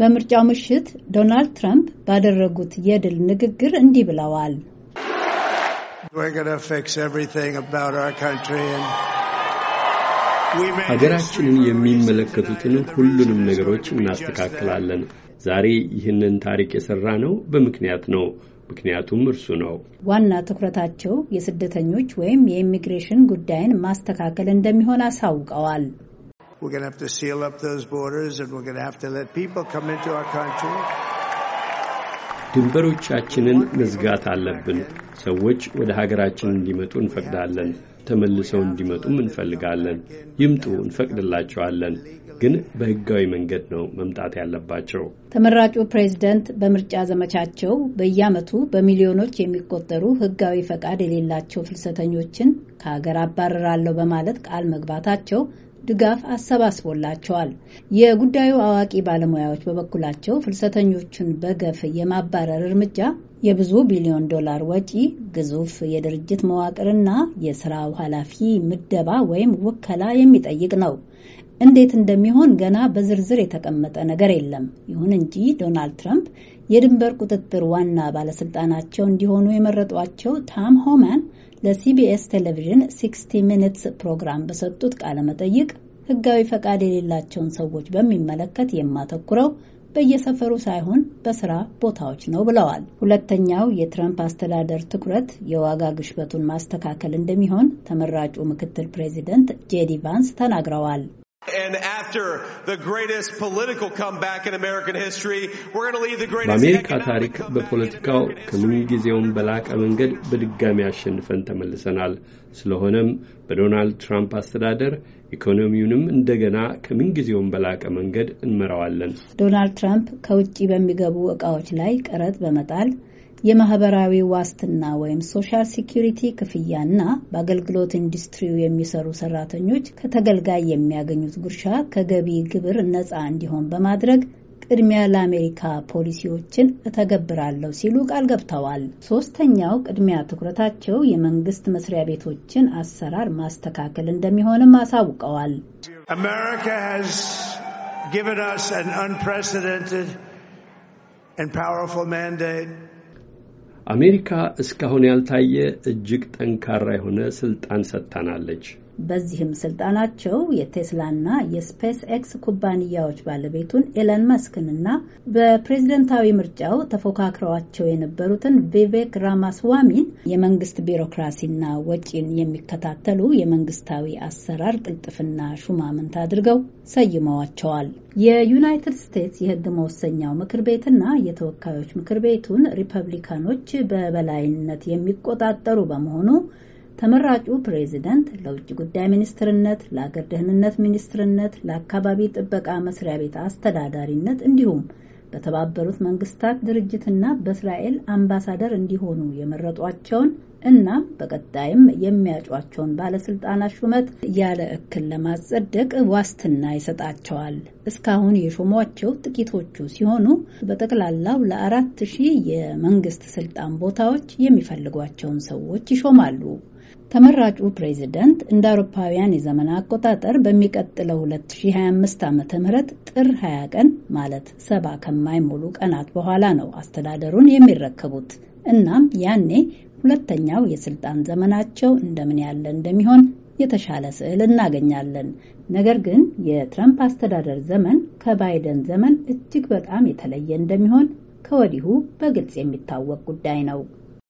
በምርጫው ምሽት ዶናልድ ትራምፕ ባደረጉት የድል ንግግር እንዲህ ብለዋል። ሀገራችንን የሚመለከቱትን ሁሉንም ነገሮች እናስተካክላለን። ዛሬ ይህንን ታሪክ የሰራ ነው በምክንያት ነው። ምክንያቱም እርሱ ነው። ዋና ትኩረታቸው የስደተኞች ወይም የኢሚግሬሽን ጉዳይን ማስተካከል እንደሚሆን አሳውቀዋል። We're going to have to seal up those borders and we're going to have to let people come into our country. ድንበሮቻችንን መዝጋት አለብን። ሰዎች ወደ ሀገራችን እንዲመጡ እንፈቅዳለን። ተመልሰው እንዲመጡም እንፈልጋለን። ይምጡ፣ እንፈቅድላቸዋለን። ግን በሕጋዊ መንገድ ነው መምጣት ያለባቸው። ተመራጩ ፕሬዝደንት በምርጫ ዘመቻቸው በየዓመቱ በሚሊዮኖች የሚቆጠሩ ሕጋዊ ፈቃድ የሌላቸው ፍልሰተኞችን ከሀገር አባረራለሁ በማለት ቃል መግባታቸው ድጋፍ አሰባስቦላቸዋል። የጉዳዩ አዋቂ ባለሙያዎች በበኩላቸው ፍልሰተኞቹን በገፍ የማባረር እርምጃ የብዙ ቢሊዮን ዶላር ወጪ፣ ግዙፍ የድርጅት መዋቅርና የስራው ኃላፊ ምደባ ወይም ውከላ የሚጠይቅ ነው። እንዴት እንደሚሆን ገና በዝርዝር የተቀመጠ ነገር የለም። ይሁን እንጂ ዶናልድ ትራምፕ የድንበር ቁጥጥር ዋና ባለስልጣናቸው እንዲሆኑ የመረጧቸው ታም ሆማን ለሲቢኤስ ቴሌቪዥን 60 ሚኒትስ ፕሮግራም በሰጡት ቃለ መጠይቅ ህጋዊ ፈቃድ የሌላቸውን ሰዎች በሚመለከት የማተኩረው በየሰፈሩ ሳይሆን በስራ ቦታዎች ነው ብለዋል። ሁለተኛው የትራምፕ አስተዳደር ትኩረት የዋጋ ግሽበቱን ማስተካከል እንደሚሆን ተመራጩ ምክትል ፕሬዚደንት ጄዲ ቫንስ ተናግረዋል። በአሜሪካ ታሪክ በፖለቲካው ከምን ጊዜውም በላቀ መንገድ በድጋሚ አሸንፈን ተመልሰናል። ስለሆነም በዶናልድ ትራምፕ አስተዳደር ኢኮኖሚውንም እንደገና ከምን ጊዜውም በላቀ መንገድ እንመራዋለን። ዶናልድ ትራምፕ ከውጭ በሚገቡ እቃዎች ላይ ቀረጥ በመጣል የማህበራዊ ዋስትና ወይም ሶሻል ሴኪሪቲ ክፍያና በአገልግሎት ኢንዱስትሪው የሚሰሩ ሰራተኞች ከተገልጋይ የሚያገኙት ጉርሻ ከገቢ ግብር ነፃ እንዲሆን በማድረግ ቅድሚያ ለአሜሪካ ፖሊሲዎችን እተገብራለሁ ሲሉ ቃል ገብተዋል። ሶስተኛው ቅድሚያ ትኩረታቸው የመንግስት መስሪያ ቤቶችን አሰራር ማስተካከል እንደሚሆንም አሳውቀዋል። አሜሪካ አሜሪካ እስካሁን ያልታየ እጅግ ጠንካራ የሆነ ስልጣን ሰጥታናለች። በዚህም ስልጣናቸው የቴስላና የስፔስ ኤክስ ኩባንያዎች ባለቤቱን ኤለን መስክንና በፕሬዝደንታዊ ምርጫው ተፎካክረዋቸው የነበሩትን ቪቬክ ራማስዋሚን የመንግስት ቢሮክራሲና ወጪን የሚከታተሉ የመንግስታዊ አሰራር ቅልጥፍና ሹማምንት አድርገው ሰይመዋቸዋል። የዩናይትድ ስቴትስ የህግ መወሰኛው ምክር ቤትና የተወካዮች ምክር ቤቱን ሪፐብሊካኖች በበላይነት የሚቆጣጠሩ በመሆኑ ተመራጩ ፕሬዚደንት ለውጭ ጉዳይ ሚኒስትርነት፣ ለአገር ደህንነት ሚኒስትርነት፣ ለአካባቢ ጥበቃ መስሪያ ቤት አስተዳዳሪነት እንዲሁም በተባበሩት መንግስታት ድርጅትና በእስራኤል አምባሳደር እንዲሆኑ የመረጧቸውን እናም በቀጣይም የሚያጯቸውን ባለስልጣናት ሹመት ያለ እክል ለማጸደቅ ዋስትና ይሰጣቸዋል። እስካሁን የሾሟቸው ጥቂቶቹ ሲሆኑ በጠቅላላው ለአራት ሺህ የመንግስት ስልጣን ቦታዎች የሚፈልጓቸውን ሰዎች ይሾማሉ። ተመራጩ ፕሬዚደንት እንደ አውሮፓውያን የዘመን አቆጣጠር በሚቀጥለው 2025 ዓ ም ጥር 20 ቀን ማለት ሰባ ከማይሞሉ ቀናት በኋላ ነው አስተዳደሩን የሚረከቡት። እናም ያኔ ሁለተኛው የስልጣን ዘመናቸው እንደምን ያለ እንደሚሆን የተሻለ ስዕል እናገኛለን። ነገር ግን የትራምፕ አስተዳደር ዘመን ከባይደን ዘመን እጅግ በጣም የተለየ እንደሚሆን ከወዲሁ በግልጽ የሚታወቅ ጉዳይ ነው።